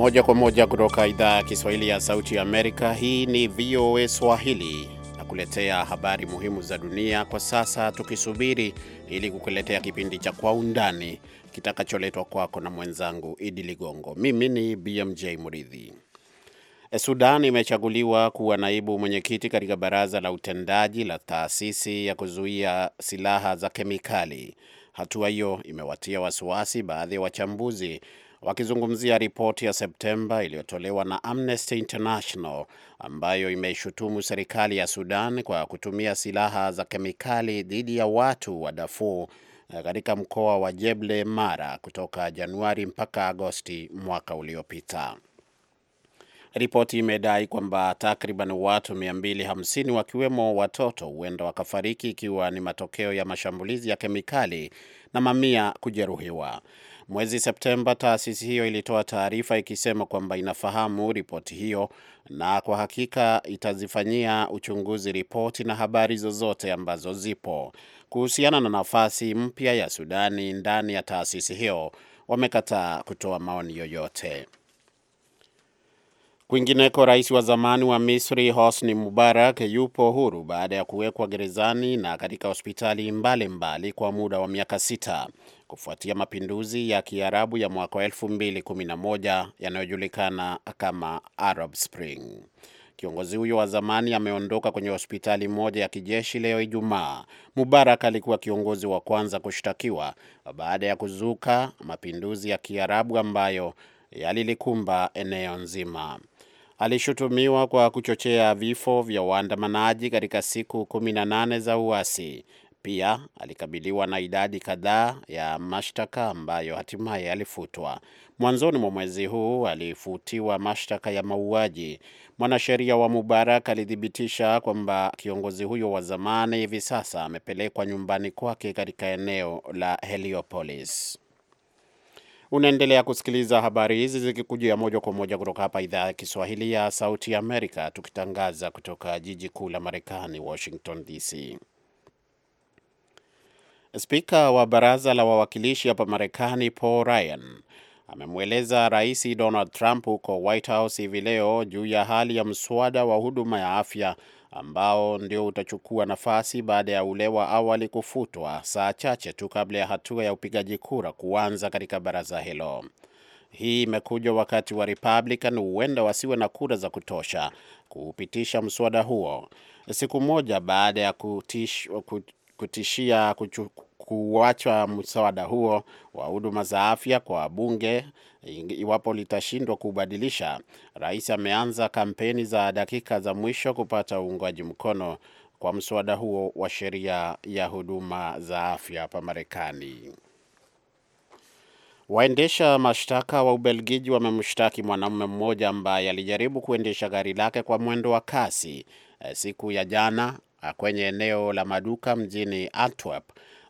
moja kwa moja kutoka idhaa ya Kiswahili ya Sauti ya Amerika. Hii ni VOA Swahili na kuletea habari muhimu za dunia kwa sasa, tukisubiri ili kukuletea kipindi cha Kwa Undani kitakacholetwa kwako na mwenzangu Idi Ligongo. Mimi ni BMJ Muridhi. Sudan imechaguliwa kuwa naibu mwenyekiti katika baraza la utendaji la taasisi ya kuzuia silaha za kemikali. Hatua hiyo imewatia wasiwasi baadhi ya wachambuzi wakizungumzia ripoti ya Septemba iliyotolewa na Amnesty International ambayo imeishutumu serikali ya Sudan kwa kutumia silaha za kemikali dhidi ya watu wa Darfur eh, katika mkoa wa Jeble Mara kutoka Januari mpaka Agosti mwaka uliopita. Ripoti imedai kwamba takriban watu 250 wakiwemo watoto huenda wakafariki ikiwa ni matokeo ya mashambulizi ya kemikali na mamia kujeruhiwa. Mwezi Septemba, taasisi hiyo ilitoa taarifa ikisema kwamba inafahamu ripoti hiyo na kwa hakika itazifanyia uchunguzi ripoti na habari zozote ambazo zipo kuhusiana na nafasi mpya ya Sudani ndani ya taasisi hiyo. Wamekataa kutoa maoni yoyote. Kwingineko, rais wa zamani wa Misri Hosni Mubarak yupo huru baada ya kuwekwa gerezani na katika hospitali mbalimbali mbali kwa muda wa miaka sita kufuatia mapinduzi ya Kiarabu ya mwaka wa 211 yanayojulikana kama Arab Spring. Kiongozi huyo wa zamani ameondoka kwenye hospitali moja ya kijeshi leo Ijumaa. Mubarak alikuwa kiongozi wa kwanza kushtakiwa baada ya kuzuka mapinduzi ya Kiarabu ambayo yalilikumba eneo nzima alishutumiwa kwa kuchochea vifo vya waandamanaji katika siku 18 za uasi. Pia alikabiliwa na idadi kadhaa ya mashtaka ambayo hatimaye alifutwa. Mwanzoni mwa mwezi huu alifutiwa mashtaka ya mauaji. Mwanasheria wa Mubarak alithibitisha kwamba kiongozi huyo wa zamani hivi sasa amepelekwa nyumbani kwake katika eneo la Heliopolis. Unaendelea kusikiliza habari hizi zikikujia moja kwa moja kutoka hapa idhaa ya Kiswahili ya Sauti Amerika, tukitangaza kutoka jiji kuu la Marekani, Washington DC. Spika wa baraza la wawakilishi hapa Marekani, Paul Ryan amemweleza Rais Donald Trump huko White House hivi leo juu ya hali ya mswada wa huduma ya afya ambao ndio utachukua nafasi baada ya ule wa awali kufutwa saa chache tu kabla ya hatua ya upigaji kura kuanza katika baraza hilo. Hii imekuja wakati wa Republican huenda wasiwe na kura za kutosha kupitisha mswada huo siku moja baada ya kutish, kutishia kuchu, kuacha mswada huo wa huduma za afya kwa bunge iwapo litashindwa kubadilisha. Rais ameanza kampeni za dakika za mwisho kupata uungwaji mkono kwa mswada huo wa sheria ya huduma za afya hapa Marekani. Waendesha mashtaka wa Ubelgiji wamemshtaki mwanamume mmoja ambaye alijaribu kuendesha gari lake kwa mwendo wa kasi eh, siku ya jana ah, kwenye eneo la maduka mjini Antwerp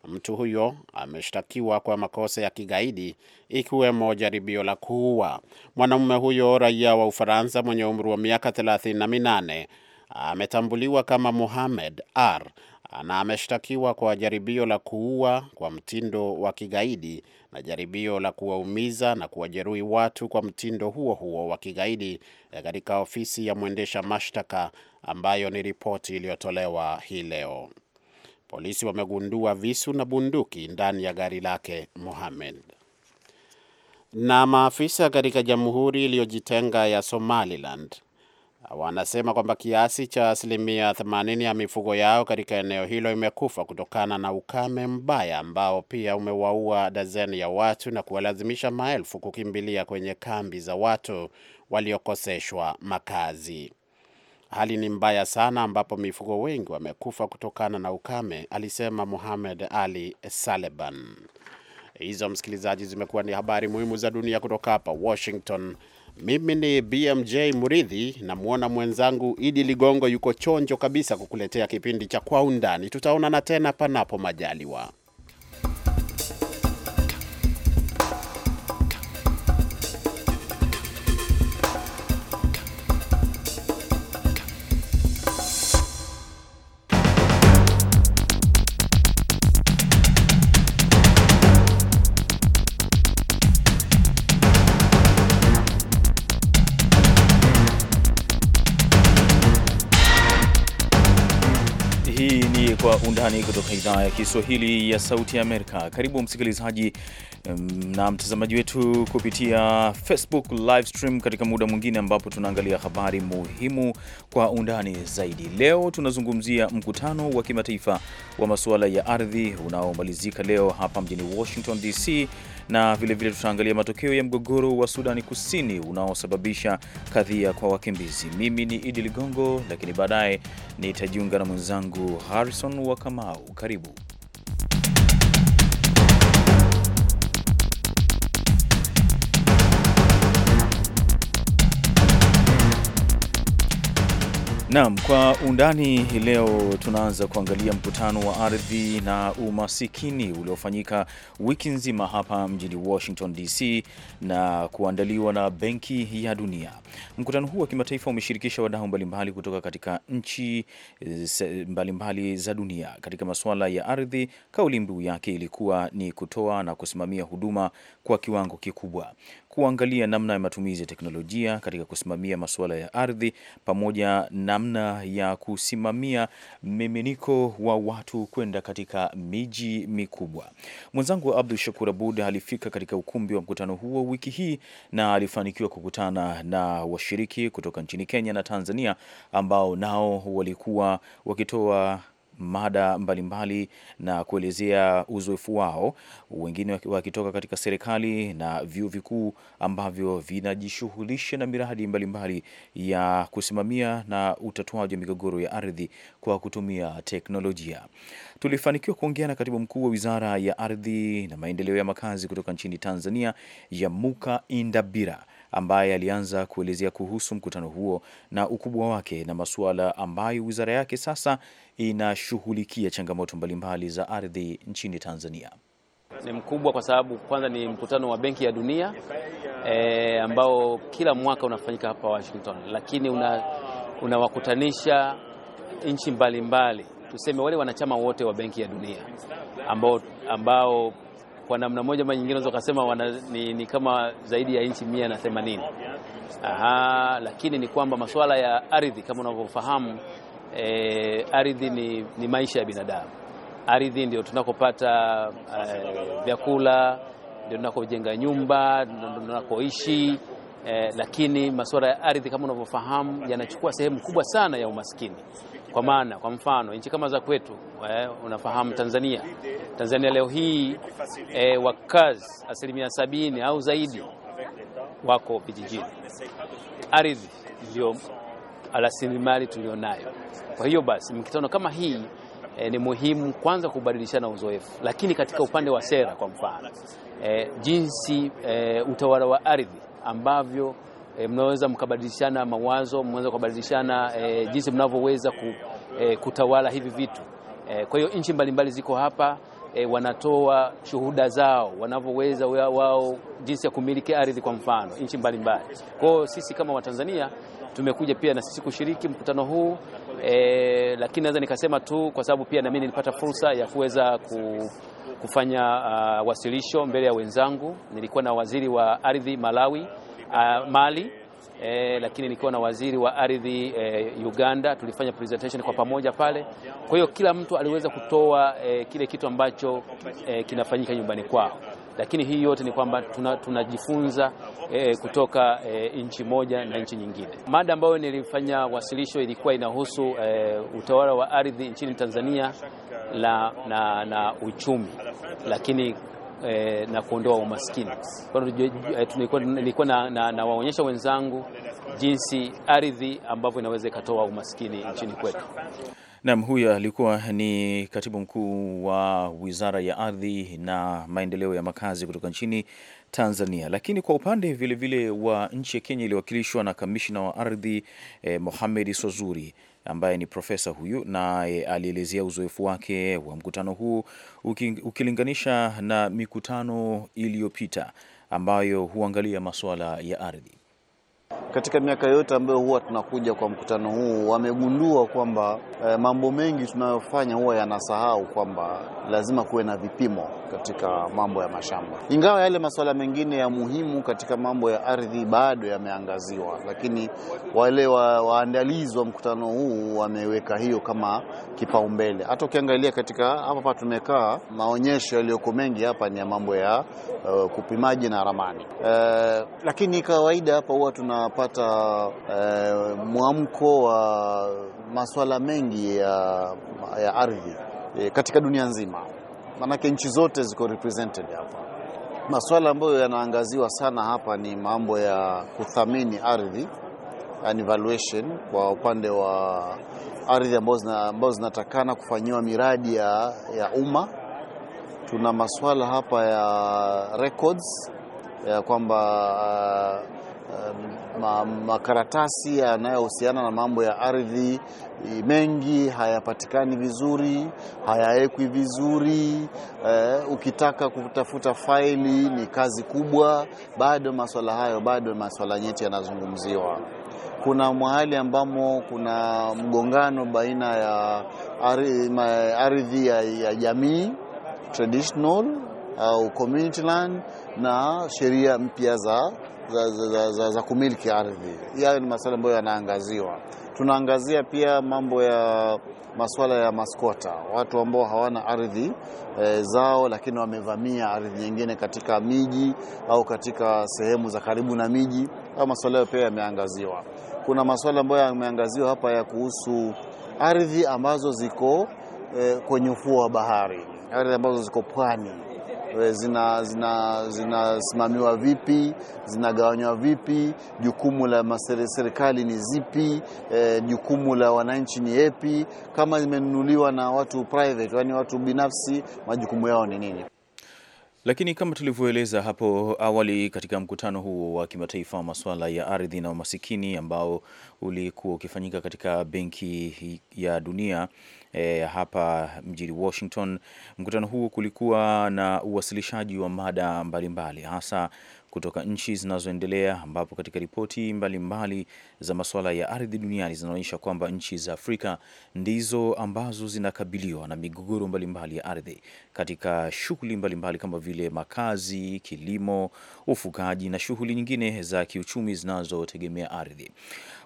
Mtu huyo ameshtakiwa kwa makosa ya kigaidi ikiwemo jaribio la kuua. Mwanamume huyo raia wa Ufaransa mwenye umri wa miaka 38 ametambuliwa kama muhamed R na ameshtakiwa kwa jaribio la kuua kwa mtindo wa kigaidi na jaribio la kuwaumiza na kuwajeruhi watu kwa mtindo huo huo wa kigaidi eh, katika ofisi ya mwendesha mashtaka ambayo ni ripoti iliyotolewa hii leo polisi wamegundua visu na bunduki ndani ya gari lake Mohamed. Na maafisa katika jamhuri iliyojitenga ya Somaliland uh, wanasema kwamba kiasi cha asilimia 80 ya mifugo yao katika eneo hilo imekufa kutokana na ukame mbaya ambao pia umewaua dazeni ya watu na kuwalazimisha maelfu kukimbilia kwenye kambi za watu waliokoseshwa makazi. Hali ni mbaya sana, ambapo mifugo wengi wamekufa kutokana na ukame, alisema muhamed Ali Saleban. Hizo msikilizaji, zimekuwa ni habari muhimu za dunia kutoka hapa Washington. Mimi ni BMJ Muridhi, namwona mwenzangu Idi Ligongo yuko chonjo kabisa kukuletea kipindi cha Kwa Undani. Tutaonana tena panapo majaliwa. Marekani kutoka idhaa ya Kiswahili ya Sauti ya Amerika. Karibu msikilizaji na mtazamaji wetu kupitia Facebook live stream katika muda mwingine ambapo tunaangalia habari muhimu kwa undani zaidi. Leo tunazungumzia mkutano wa kimataifa wa masuala ya ardhi unaomalizika leo hapa mjini Washington DC na vilevile tutaangalia matokeo ya mgogoro wa Sudani Kusini unaosababisha kadhia kwa wakimbizi. Mimi ni Idi Ligongo, lakini baadaye nitajiunga na mwenzangu Harrison wa Kamau. Karibu. Naam, kwa undani leo tunaanza kuangalia mkutano wa ardhi na umasikini uliofanyika wiki nzima hapa mjini Washington DC na kuandaliwa na Benki ya Dunia. Mkutano huu wa kimataifa umeshirikisha wadau mbalimbali kutoka katika nchi eh, mbalimbali mbali za dunia katika masuala ya ardhi. Kauli mbiu yake ilikuwa ni kutoa na kusimamia huduma kwa kiwango kikubwa kuangalia namna ya matumizi ya teknolojia katika kusimamia masuala ya ardhi pamoja namna ya kusimamia miminiko wa watu kwenda katika miji mikubwa. Mwenzangu Abdu Shakur Abud alifika katika ukumbi wa mkutano huo wiki hii na alifanikiwa kukutana na washiriki kutoka nchini Kenya na Tanzania ambao nao walikuwa wakitoa mada mbalimbali na kuelezea uzoefu wao, wengine wakitoka katika serikali na vyuo vikuu ambavyo vinajishughulisha na miradi mbalimbali ya kusimamia na utatuaji wa migogoro ya ardhi kwa kutumia teknolojia. Tulifanikiwa kuongea na katibu mkuu wa Wizara ya Ardhi na Maendeleo ya Makazi kutoka nchini Tanzania, Yamuka Indabira ambaye alianza kuelezea kuhusu mkutano huo na ukubwa wake na masuala ambayo wizara yake sasa inashughulikia, changamoto mbalimbali za ardhi nchini Tanzania. Ni mkubwa kwa sababu kwanza ni mkutano wa Benki ya Dunia e, ambao kila mwaka unafanyika hapa Washington, lakini unawakutanisha una nchi mbalimbali, tuseme wale wanachama wote wa Benki ya Dunia ambao, ambao kwa namna moja ama nyingine unaweza kusema wana, ni, ni kama zaidi ya nchi mia na themanini. Aha, lakini ni kwamba masuala ya ardhi kama unavyofahamu e, ardhi ni, ni maisha ya binadamu. Ardhi ndio tunakopata e, vyakula, ndio tunakojenga nyumba, ndio tunakoishi e, lakini masuala ya ardhi kama unavyofahamu yanachukua sehemu kubwa sana ya umaskini. Kwa maana kwa mfano nchi kama za kwetu eh, unafahamu Tanzania. Tanzania leo hii eh, wakazi asilimia sabini au zaidi wako vijijini. Ardhi ndio rasilimali tulionayo. Kwa hiyo basi mkitano kama hii eh, ni muhimu kwanza kubadilishana uzoefu, lakini katika upande wa sera kwa mfano eh, jinsi eh, utawala wa ardhi ambavyo e, mnaweza mkabadilishana mawazo, mnaweza kubadilishana e, jinsi mnavyoweza ku, e, kutawala hivi vitu e, kwa hiyo nchi mbalimbali ziko hapa e, wanatoa shuhuda zao wanavyoweza wao jinsi ya kumiliki ardhi kwa mfano nchi mbalimbali. Kwa hiyo sisi kama Watanzania tumekuja pia na sisi kushiriki mkutano huu e, lakini naweza nikasema tu kwa sababu pia na mimi nilipata fursa ya kuweza ku kufanya uh, wasilisho mbele ya wenzangu. Nilikuwa na waziri wa ardhi Malawi uh, mali E, lakini nikiwa na waziri wa ardhi e, Uganda, tulifanya presentation kwa pamoja pale. Kwa hiyo kila mtu aliweza kutoa e, kile kitu ambacho e, kinafanyika nyumbani kwao, lakini hii yote ni kwamba tunajifunza tuna e, kutoka e, nchi moja na nchi nyingine. Mada ambayo nilifanya wasilisho ilikuwa inahusu e, utawala wa ardhi nchini Tanzania la, na, na uchumi lakini eh, na kuondoa umaskini. Eh, eh, nilikuwa nawaonyesha na, na wenzangu jinsi ardhi ambavyo inaweza ikatoa umaskini nchini kwetu. Naam, huyo alikuwa ni katibu mkuu wa Wizara ya Ardhi na Maendeleo ya Makazi kutoka nchini Tanzania. Lakini kwa upande vilevile vile wa nchi ya Kenya iliyowakilishwa na kamishina wa ardhi eh, Mohamed Sozuri ambaye ni profesa huyu, naye alielezea uzoefu wake wa mkutano huu ukilinganisha na mikutano iliyopita ambayo huangalia masuala ya ardhi. Katika miaka yote ambayo huwa tunakuja kwa mkutano huu, wamegundua kwamba e, mambo mengi tunayofanya huwa yanasahau kwamba lazima kuwe na vipimo katika mambo ya mashamba, ingawa yale masuala mengine ya muhimu katika mambo ya ardhi bado yameangaziwa, lakini wale wa, waandalizi wa mkutano huu wameweka hiyo kama kipaumbele. Hata ukiangalia katika hapa hapa tumekaa, maonyesho yaliyoko mengi hapa ni ya mambo ya uh, eh, kupimaji na ramani uh, lakini kawaida hapa huwa tuna tunapata eh, mwamko wa masuala mengi ya, ya ardhi eh, katika dunia nzima, maanake nchi zote ziko represented hapa. Masuala ambayo yanaangaziwa sana hapa ni mambo ya kuthamini ardhi yani valuation kwa upande wa ardhi ambazo zinatakana kufanyiwa miradi ya, ya umma. Tuna masuala hapa ya records ya kwamba uh, um, makaratasi ma yanayohusiana na mambo ya ardhi mengi hayapatikani vizuri, hayawekwi vizuri. Uh, ukitaka kutafuta faili ni kazi kubwa. Bado maswala hayo, bado maswala nyeti yanazungumziwa. Kuna mahali ambamo kuna mgongano baina ya ardhi ya, ya jamii traditional au community land na sheria mpya za za, za, za, za kumiliki ardhi. Yayo ni masuala ambayo yanaangaziwa. Tunaangazia pia mambo ya masuala ya maskota, watu ambao hawana ardhi e, zao, lakini wamevamia ardhi nyingine katika miji au katika sehemu za karibu na miji, au masuala hayo pia yameangaziwa. Kuna masuala ambayo yameangaziwa hapa ya kuhusu ardhi ambazo ziko e, kwenye ufuo wa bahari, ardhi ambazo ziko pwani zinasimamiwa eh, zina, zina vipi, zinagawanywa vipi, jukumu la serikali ni zipi, eh, jukumu la wananchi ni yepi, kama zimenunuliwa na watu private, yani watu binafsi, majukumu yao ni nini? Lakini kama tulivyoeleza hapo awali katika mkutano huo wa kimataifa wa masuala ya ardhi na umasikini ambao ulikuwa ukifanyika katika Benki ya Dunia e, hapa mjini Washington, mkutano huo kulikuwa na uwasilishaji wa mada mbalimbali mbali, hasa kutoka nchi zinazoendelea, ambapo katika ripoti mbalimbali za masuala ya ardhi duniani zinaonyesha kwamba nchi za Afrika ndizo ambazo zinakabiliwa na migogoro mbalimbali ya ardhi katika shughuli mbalimbali kama vile makazi, kilimo, ufugaji na shughuli nyingine za kiuchumi zinazotegemea ardhi.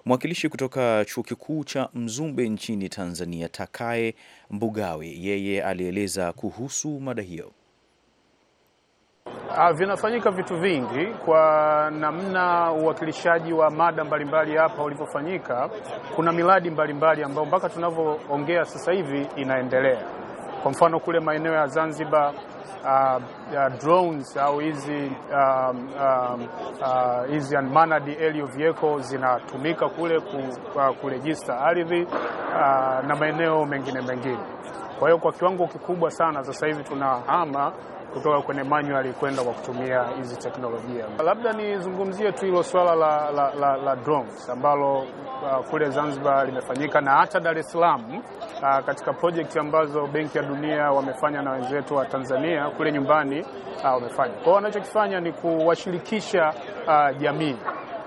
Mwakilishi kutoka Chuo Kikuu cha Mzumbe nchini Tanzania, Takae Mbugawe, yeye alieleza kuhusu mada hiyo. Ah, vinafanyika vitu vingi kwa namna uwakilishaji wa mada mbalimbali hapa ulivyofanyika. Kuna miradi mbalimbali ambayo mpaka tunavyoongea sasa hivi inaendelea. Kwa mfano kule maeneo ya Zanzibar uh, uh, drones au hizi um, um, ah, hizi uh, uh, uh, unmanned aerial vehicles zinatumika kule ku, uh, kurejista ardhi uh, na maeneo mengine mengine. Kwa hiyo kwa kiwango kikubwa sana sasa hivi tunahama kutoka kwenye manual kwenda kwa kutumia hizi teknolojia. Labda nizungumzie tu hilo swala la, la, la, la drones ambalo uh, kule Zanzibar limefanyika na hata Dar es Salaam uh, katika project ambazo Benki ya Dunia wamefanya na wenzetu wa Tanzania kule nyumbani uh, wamefanya. Kwa hiyo wanachokifanya ni kuwashirikisha uh, jamii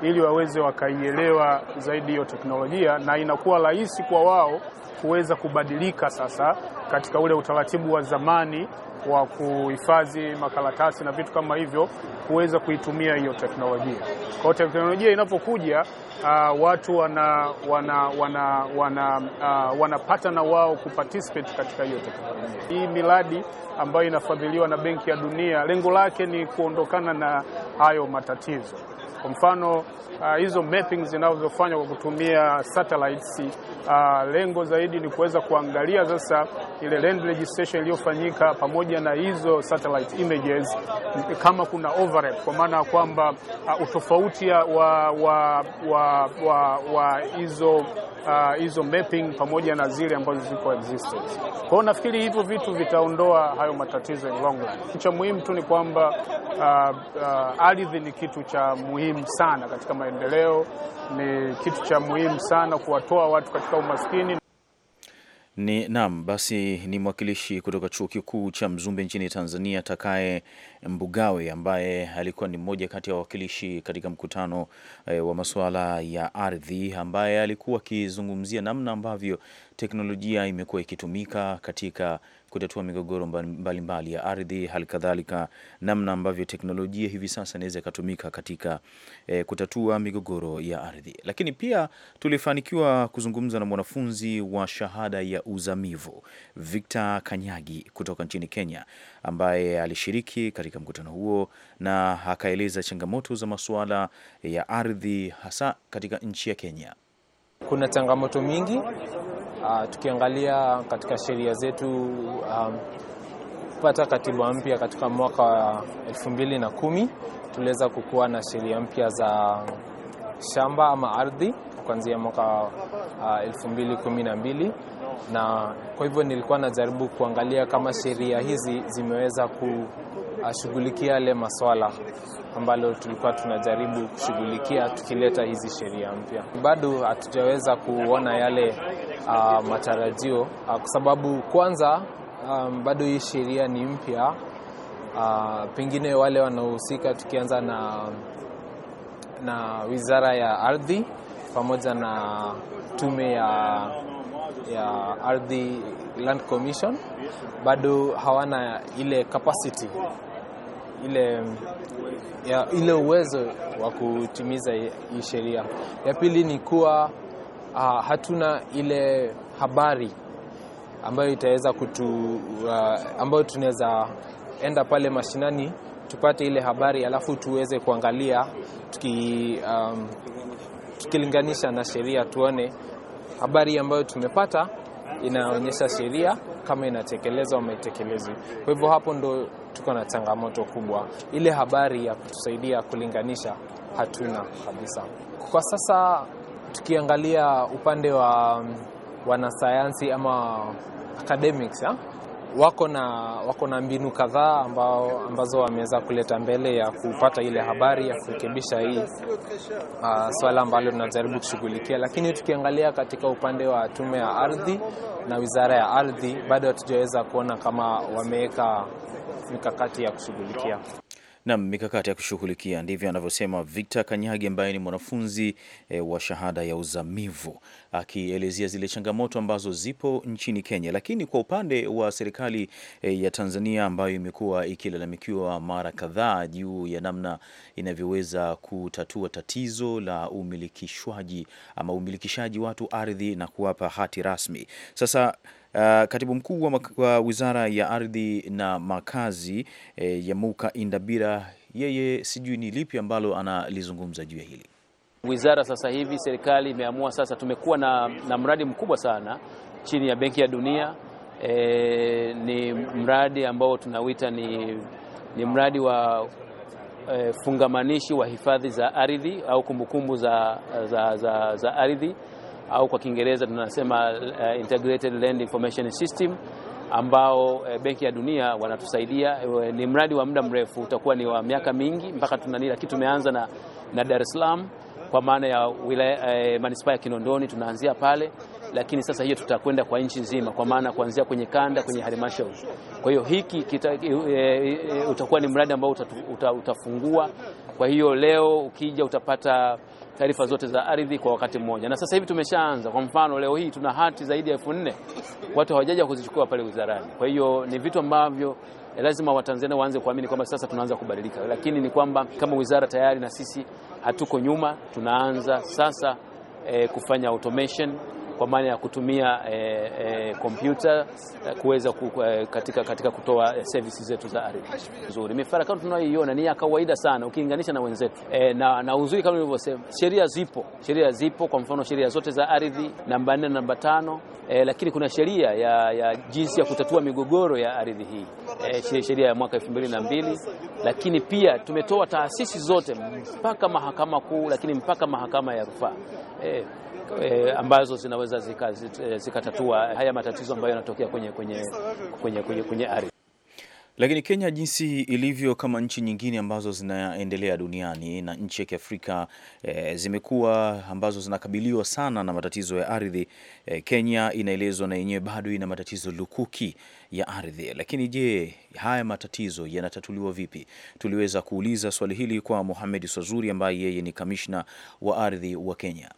ili waweze wakaielewa zaidi hiyo teknolojia na inakuwa rahisi kwa wao kuweza kubadilika sasa katika ule utaratibu wa zamani wa kuhifadhi makaratasi na vitu kama hivyo kuweza kuitumia hiyo teknolojia. Kwa teknolojia inapokuja, uh, watu wana wana wana wana uh, wanapata na wao kuparticipate katika hiyo teknolojia. Hii miradi ambayo inafadhiliwa na Benki ya Dunia lengo lake ni kuondokana na hayo matatizo. Kwa mfano uh, hizo mapping zinazofanywa kwa kutumia satellites uh, lengo zaidi ni kuweza kuangalia sasa ile land registration iliyofanyika pamoja na hizo satellite images kama kuna overlap, kwa maana ya kwamba uh, utofauti wa wa wa wa, wa hizo uh, hizo uh, mapping pamoja na zile ambazo ziko existence. Kwa hiyo nafikiri hivyo vitu vitaondoa hayo matatizo in long run. Cha muhimu tu ni kwamba uh, uh, ardhi ni kitu cha muhimu muhimu sana katika maendeleo, ni kitu cha muhimu sana kuwatoa watu katika umaskini. Ni naam, basi ni mwakilishi kutoka Chuo Kikuu cha Mzumbe nchini Tanzania, Takae Mbugawe, ambaye alikuwa ni mmoja kati ya wawakilishi katika mkutano e, wa masuala ya ardhi, ambaye alikuwa akizungumzia namna ambavyo teknolojia imekuwa ikitumika katika kutatua migogoro mbalimbali mbali ya ardhi, halikadhalika namna ambavyo teknolojia hivi sasa inaweza ikatumika katika e, kutatua migogoro ya ardhi. Lakini pia tulifanikiwa kuzungumza na mwanafunzi wa shahada ya uzamivu Victor Kanyagi kutoka nchini Kenya, ambaye alishiriki katika mkutano huo na akaeleza changamoto za masuala ya ardhi hasa katika nchi ya Kenya. Kuna changamoto mingi Uh, tukiangalia katika sheria zetu um, pata katiba mpya katika mwaka wa elfu mbili na kumi tuliweza kukuwa na sheria mpya za shamba ama ardhi kuanzia mwaka uh, elfu mbili kumi na mbili na kwa hivyo nilikuwa najaribu kuangalia kama sheria hizi zimeweza kushughulikia yale maswala ambalo tulikuwa tunajaribu kushughulikia tukileta hizi sheria mpya. Bado hatujaweza kuona yale uh, matarajio uh, kwa sababu kwanza um, bado hii sheria ni mpya uh, pengine wale wanaohusika tukianza na, na wizara ya ardhi pamoja na tume ya ya ardhi Land Commission bado hawana ile capacity ile, ya, ile uwezo wa kutimiza hii sheria. Ya pili ni kuwa uh, hatuna ile habari ambayo itaweza kutu uh, ambayo tunaweza enda pale mashinani tupate ile habari alafu tuweze kuangalia tuki, um, tukilinganisha na sheria tuone habari ambayo tumepata inaonyesha sheria kama inatekelezwa ama itekelezwi. Kwa hivyo hapo ndo tuko na changamoto kubwa. Ile habari ya kutusaidia kulinganisha hatuna kabisa kwa sasa. Tukiangalia upande wa mm, wanasayansi ama academics ya? Ah, wako na, wako na mbinu kadhaa ambazo wameweza kuleta mbele ya kupata ile habari ya kurekebisha hii uh, swala ambalo tunajaribu kushughulikia, lakini tukiangalia katika upande wa tume ya ardhi na wizara ya ardhi bado hatujaweza kuona kama wameweka mikakati ya kushughulikia. nam mikakati ya kushughulikia, ndivyo anavyosema Victor Kanyagi ambaye ni mwanafunzi e, wa shahada ya uzamivu akielezea zile changamoto ambazo zipo nchini Kenya. Lakini kwa upande wa serikali e, ya Tanzania ambayo imekuwa ikilalamikiwa mara kadhaa juu ya namna inavyoweza kutatua tatizo la umilikishwaji ama umilikishaji watu ardhi na kuwapa hati rasmi sasa Uh, katibu mkuu wa wizara ya ardhi na makazi e, eh, Yamuka Indabira, yeye sijui ni lipi ambalo analizungumza juu ya hili. Wizara sasa hivi serikali imeamua sasa, tumekuwa na, na mradi mkubwa sana chini ya Benki ya Dunia e, ni mradi ambao tunawita ni, ni mradi wa e, fungamanishi wa hifadhi za ardhi au kumbukumbu za, za, za, za ardhi au kwa Kiingereza tunasema uh, integrated land information system ambao uh, Benki ya Dunia wanatusaidia. Uh, ni mradi wa muda mrefu, utakuwa ni wa miaka mingi mpaka tunanila kitu. Tumeanza na, na Dar es Salaam kwa maana ya wilaya uh, manispaa ya Kinondoni tunaanzia pale, lakini sasa hiyo tutakwenda kwa nchi nzima, kwa maana kuanzia kwenye kanda, kwenye halmashauri. Kwa hiyo hiki kita, e, e, utakuwa ni mradi ambao utafungua. Kwa hiyo leo ukija utapata taarifa zote za ardhi kwa wakati mmoja, na sasa hivi tumeshaanza. Kwa mfano leo hii tuna hati zaidi ya elfu nne watu hawajaja kuzichukua pale wizarani. Kwa hiyo ni vitu ambavyo eh, lazima Watanzania waanze kuamini kwamba sasa tunaanza kubadilika, lakini ni kwamba kama wizara tayari na sisi hatuko nyuma, tunaanza sasa eh, kufanya automation kwa maana ya kutumia kompyuta eh, eh, eh, kuweza ku, kuweza katika, katika kutoa services zetu za ardhi nzuri. Mifarakano tunayoiona ni ya kawaida sana ukilinganisha na wenzetu eh, na, na uzuri kama nilivyosema, sheria zipo, sheria zipo, kwa mfano sheria zote za ardhi namba 4 na namba tano e, lakini kuna sheria ya, ya jinsi ya kutatua migogoro ya ardhi hii e, sheria ya mwaka 2002 lakini pia tumetoa taasisi zote mpaka mahakama kuu, lakini mpaka mahakama ya rufaa e, e, ambazo zinaweza eh, zikatatua zika haya matatizo ambayo yanatokea kwenye, kwenye, kwenye, kwenye, kwenye ardhi. Lakini Kenya jinsi ilivyo kama nchi nyingine ambazo zinaendelea duniani na nchi ya Kiafrika e, zimekuwa ambazo zinakabiliwa sana na matatizo ya ardhi e, Kenya inaelezwa na yenyewe bado ina matatizo lukuki ya ardhi. Lakini je, haya matatizo yanatatuliwa vipi? Tuliweza kuuliza swali hili kwa Mohamed Swazuri ambaye yeye ni kamishna wa ardhi wa Kenya.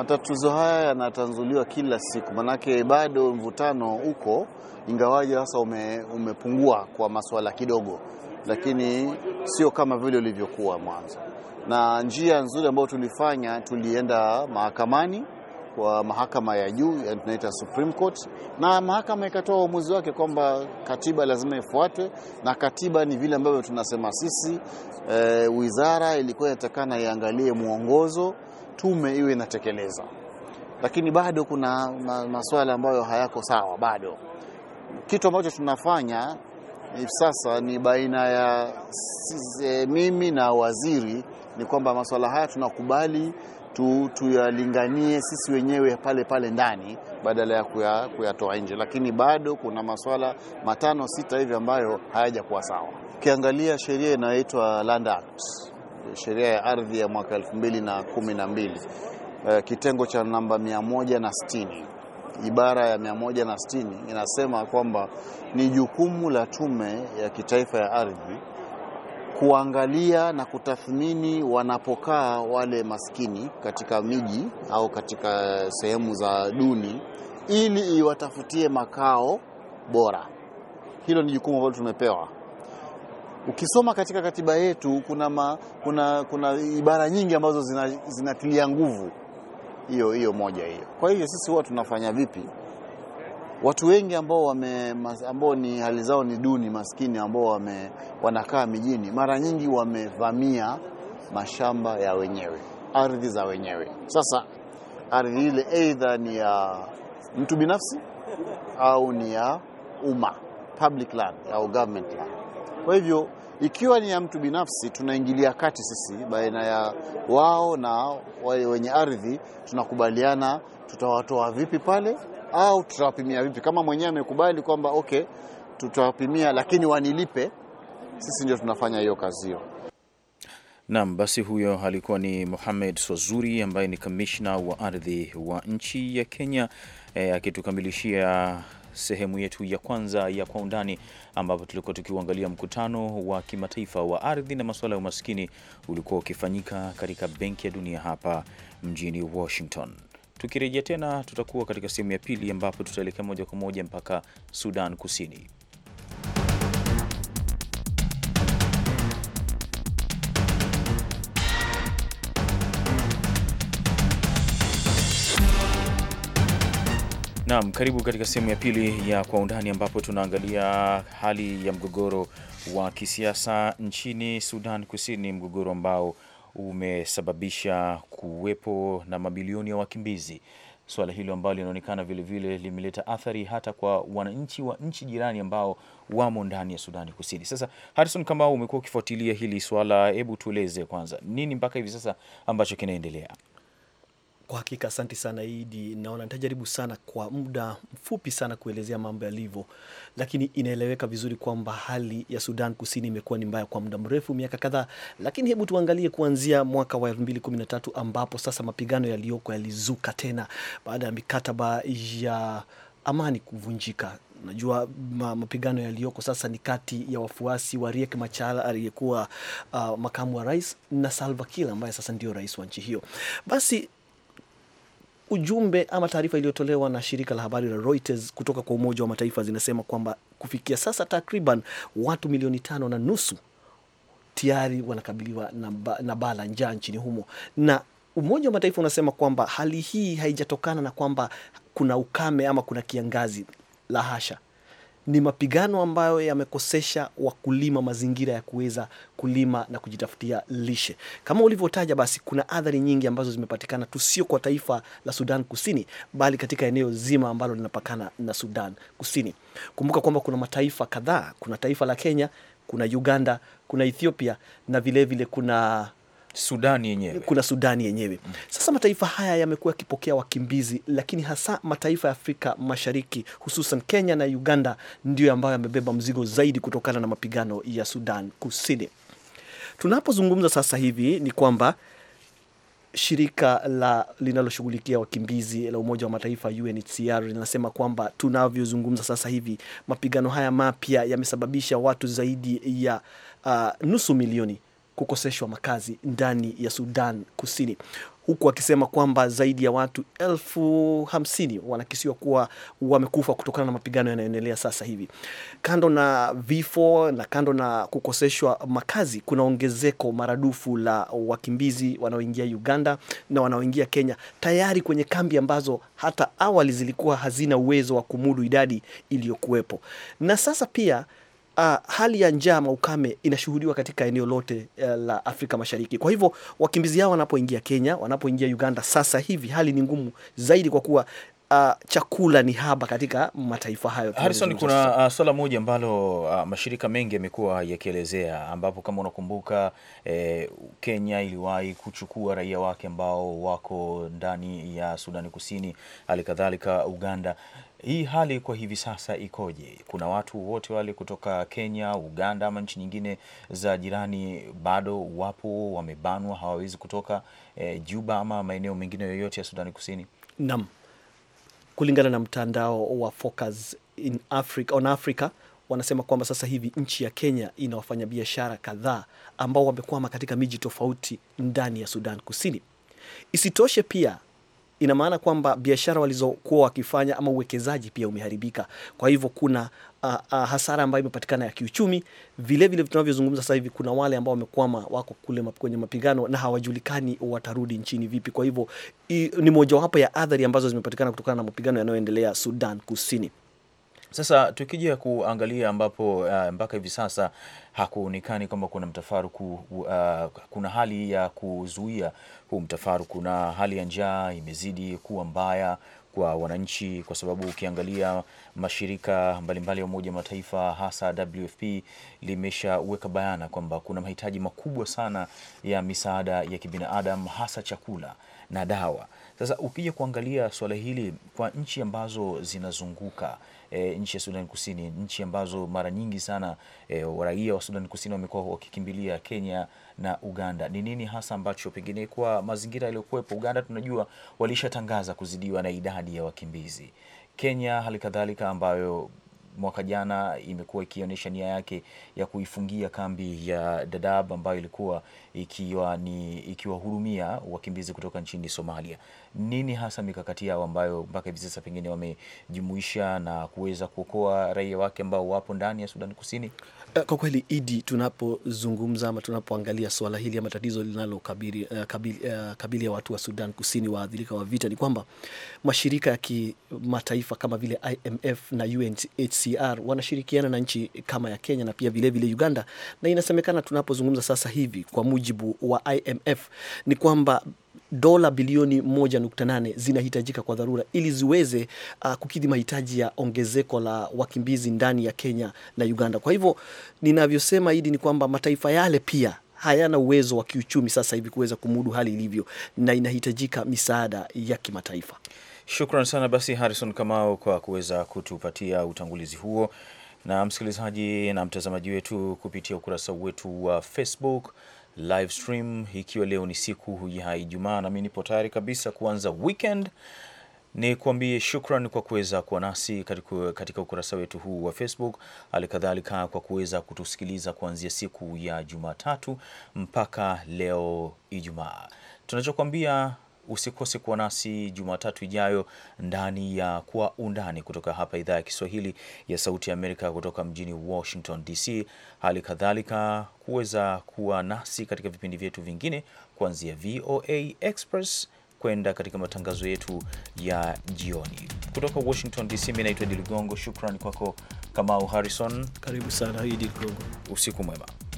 Matatizo haya yanatanzuliwa kila siku, manake bado mvutano uko, ingawaje sasa ume, umepungua kwa masuala kidogo, lakini sio kama vile ulivyokuwa mwanzo. Na njia nzuri ambayo tulifanya, tulienda mahakamani kwa mahakama ya juu tunaita Supreme Court, na mahakama ikatoa uamuzi wake kwamba katiba lazima ifuatwe, na katiba ni vile ambavyo tunasema sisi. E, wizara ilikuwa inatakana iangalie mwongozo tume iwe inatekeleza, lakini bado kuna masuala ambayo hayako sawa. Bado kitu ambacho tunafanya hivi sasa ni baina ya e, mimi na waziri ni kwamba masuala haya tunakubali tu, tuyalinganie sisi wenyewe pale pale ndani badala ya kuyatoa nje, lakini bado kuna masuala matano sita hivi ambayo hayajakuwa sawa. Ukiangalia sheria inayoitwa Land Act sheria ya ardhi ya mwaka 2012 uh, eh, kitengo cha namba 160 ibara ya 160 inasema kwamba ni jukumu la Tume ya Kitaifa ya Ardhi kuangalia na kutathmini wanapokaa wale maskini katika miji au katika sehemu za duni ili iwatafutie makao bora. Hilo ni jukumu ambalo tumepewa Ukisoma katika katiba yetu kuna, ma, kuna, kuna ibara nyingi ambazo zinatilia zina nguvu hiyo hiyo moja hiyo. Kwa hiyo sisi huwa tunafanya vipi? Watu wengi ambao wame, ambao ni hali zao ni duni, maskini ambao wame, wanakaa mijini, mara nyingi wamevamia mashamba ya wenyewe, ardhi za wenyewe. Sasa ardhi ile aidha ni ya mtu binafsi au ni ya umma, public land au government land kwa hivyo ikiwa ni ya mtu binafsi, tunaingilia kati sisi, baina ya wao na wale wenye ardhi, tunakubaliana tutawatoa vipi pale au tutawapimia vipi. Kama mwenyewe amekubali kwamba okay, tutawapimia lakini wanilipe, sisi ndio tunafanya hiyo kazi hiyo. Naam, basi huyo alikuwa ni Mohamed Swazuri ambaye ni kamishna wa ardhi wa nchi ya Kenya, e, akitukamilishia sehemu yetu ya kwanza ya Kwa Undani, ambapo tulikuwa tukiuangalia mkutano wa kimataifa wa ardhi na masuala ya umaskini ulikuwa ukifanyika katika Benki ya Dunia hapa mjini Washington. Tukirejea tena, tutakuwa katika sehemu ya pili ambapo tutaelekea moja kwa moja mpaka Sudan Kusini. Naam, karibu katika sehemu ya pili ya Kwa Undani, ambapo tunaangalia hali ya mgogoro wa kisiasa nchini Sudan Kusini, mgogoro ambao umesababisha kuwepo na mabilioni ya wakimbizi suala hilo ambalo linaonekana vilevile limeleta athari hata kwa wananchi wa nchi jirani ambao wamo ndani ya Sudani Kusini. Sasa Harrison, kama umekuwa ukifuatilia hili swala, hebu tueleze kwanza nini mpaka hivi sasa ambacho kinaendelea? Kwa hakika asante sana Idi, naona nitajaribu sana kwa muda mfupi sana kuelezea mambo yalivyo, lakini inaeleweka vizuri kwamba hali ya Sudan Kusini imekuwa ni mbaya kwa muda mrefu, miaka kadhaa. Lakini hebu tuangalie kuanzia mwaka wa 2013 ambapo sasa mapigano yaliyoko yalizuka tena baada ya mikataba ya amani kuvunjika. Najua mapigano yaliyoko sasa ni kati ya wafuasi wa Riek Machar aliyekuwa uh, makamu wa rais na Salva Kiir ambaye sasa ndio rais wa nchi hiyo. Basi ujumbe ama taarifa iliyotolewa na shirika la habari la Reuters kutoka kwa Umoja wa Mataifa zinasema kwamba kufikia sasa takriban watu milioni tano na nusu tayari wanakabiliwa na, ba, na baa la njaa nchini humo na Umoja wa Mataifa unasema kwamba hali hii haijatokana na kwamba kuna ukame ama kuna kiangazi. La hasha, ni mapigano ambayo yamekosesha wakulima mazingira ya kuweza kulima na kujitafutia lishe. Kama ulivyotaja, basi kuna athari nyingi ambazo zimepatikana tu, sio kwa taifa la Sudan Kusini, bali katika eneo zima ambalo linapakana na Sudan Kusini. Kumbuka kwamba kuna mataifa kadhaa, kuna taifa la Kenya, kuna Uganda, kuna Ethiopia na vilevile vile kuna Sudani yenyewe. Kuna Sudani yenyewe. Mm. Sasa mataifa haya yamekuwa yakipokea wakimbizi, lakini hasa mataifa ya Afrika Mashariki hususan Kenya na Uganda ndiyo ambayo yamebeba mzigo zaidi kutokana na mapigano ya Sudan Kusini. Tunapozungumza sasa hivi ni kwamba shirika la linaloshughulikia wakimbizi la Umoja wa Mataifa UNHCR linasema kwamba tunavyozungumza sasa hivi mapigano haya mapya yamesababisha watu zaidi ya uh, nusu milioni kukoseshwa makazi ndani ya Sudan Kusini, huku akisema kwamba zaidi ya watu elfu hamsini wanakisiwa kuwa wamekufa kutokana na mapigano yanayoendelea sasa hivi. Kando na vifo na kando na kukoseshwa makazi, kuna ongezeko maradufu la wakimbizi wanaoingia Uganda na wanaoingia Kenya, tayari kwenye kambi ambazo hata awali zilikuwa hazina uwezo wa kumudu idadi iliyokuwepo, na sasa pia Uh, hali ya njaa ama ukame inashuhudiwa katika eneo lote uh, la Afrika Mashariki. Kwa hivyo wakimbizi hao wanapoingia Kenya, wanapoingia Uganda sasa hivi hali ni ngumu zaidi kwa kuwa uh, chakula ni haba katika mataifa hayo. Harrison, kuna uh, swala moja ambalo uh, mashirika mengi yamekuwa yakielezea, ambapo kama unakumbuka eh, Kenya iliwahi kuchukua raia wake ambao wako ndani ya Sudani Kusini, hali kadhalika Uganda. Hii hali kwa hivi sasa ikoje? Kuna watu wote wale kutoka Kenya, Uganda ama nchi nyingine za jirani bado wapo wamebanwa, hawawezi kutoka eh, Juba ama maeneo mengine yoyote ya Sudani Kusini? Naam kulingana na mtandao wa Focus in Africa, on Africa wanasema kwamba sasa hivi nchi ya Kenya ina wafanyabiashara kadhaa ambao wamekwama katika miji tofauti ndani ya Sudan Kusini. Isitoshe pia ina maana kwamba biashara walizokuwa wakifanya ama uwekezaji pia umeharibika. Kwa hivyo kuna uh, uh, hasara ambayo imepatikana ya kiuchumi. Vilevile tunavyozungumza sasa hivi, kuna wale ambao wamekwama, wako kule kwenye mapigano na hawajulikani watarudi nchini vipi. Kwa hivyo ni mojawapo ya athari ambazo zimepatikana kutokana na mapigano yanayoendelea Sudan Kusini. Sasa tukija kuangalia ambapo uh, mpaka hivi sasa hakuonekani kwamba kuna mtafaruku uh, kuna hali ya kuzuia huu mtafaruku, na hali ya njaa imezidi kuwa mbaya kwa wananchi, kwa sababu ukiangalia mashirika mbalimbali mbali ya Umoja Mataifa hasa WFP limeshaweka bayana kwamba kuna mahitaji makubwa sana ya misaada ya kibinadamu hasa chakula na dawa. Sasa ukija kuangalia suala hili kwa nchi ambazo zinazunguka e, nchi ya Sudan Kusini, nchi ambazo mara nyingi sana e, raia wa Sudan Kusini wamekuwa wakikimbilia Kenya na Uganda. Ni nini hasa ambacho pengine kwa mazingira yaliyokuwepo Uganda, tunajua walishatangaza kuzidiwa na idadi ya wakimbizi. Kenya hali kadhalika ambayo mwaka jana imekuwa ikionyesha nia yake ya kuifungia kambi ya Dadaab ambayo ilikuwa ikiwa ni ikiwahurumia wakimbizi kutoka nchini Somalia nini hasa mikakati yao ambayo mpaka hivi sasa pengine wamejumuisha na kuweza kuokoa raia wake ambao wapo ndani ya Sudan Kusini? Eh, kwa kweli Idi, tunapozungumza ama tunapoangalia swala hili ama tatizo linalokabili uh, uh, kabili ya watu wa Sudan Kusini waadhirika wa vita, ni kwamba mashirika ya kimataifa kama vile IMF na UNHCR wanashirikiana na nchi kama ya Kenya na pia vilevile vile Uganda, na inasemekana tunapozungumza sasa hivi, kwa mujibu wa IMF ni kwamba dola bilioni 1.8 zinahitajika kwa dharura ili ziweze uh, kukidhi mahitaji ya ongezeko la wakimbizi ndani ya Kenya na Uganda. Kwa hivyo ninavyosema hidi ni kwamba mataifa yale pia hayana uwezo wa kiuchumi sasa hivi kuweza kumudu hali ilivyo, na inahitajika misaada ya kimataifa. Shukran sana basi Harrison Kamau kwa kuweza kutupatia utangulizi huo, na msikilizaji na mtazamaji wetu kupitia ukurasa wetu wa Facebook live stream, ikiwa leo ni siku ya Ijumaa nami nipo tayari kabisa kuanza weekend. Ni kuambie shukran kwa kuweza kuwa nasi katika ukurasa wetu huu wa Facebook, kadhalika kwa kuweza kutusikiliza kuanzia siku ya Jumatatu mpaka leo Ijumaa. Tunachokwambia Usikose kuwa nasi Jumatatu ijayo ndani ya Kwa Undani kutoka hapa idhaa ya Kiswahili ya Sauti ya Amerika kutoka mjini Washington DC. Hali kadhalika kuweza kuwa nasi katika vipindi vyetu vingine kuanzia VOA Express kwenda katika matangazo yetu ya jioni kutoka Washington DC. Mimi naitwa Idi Ligongo, shukrani kwako Kamau Harrison. Karibu sana Idi Ligongo, usiku mwema.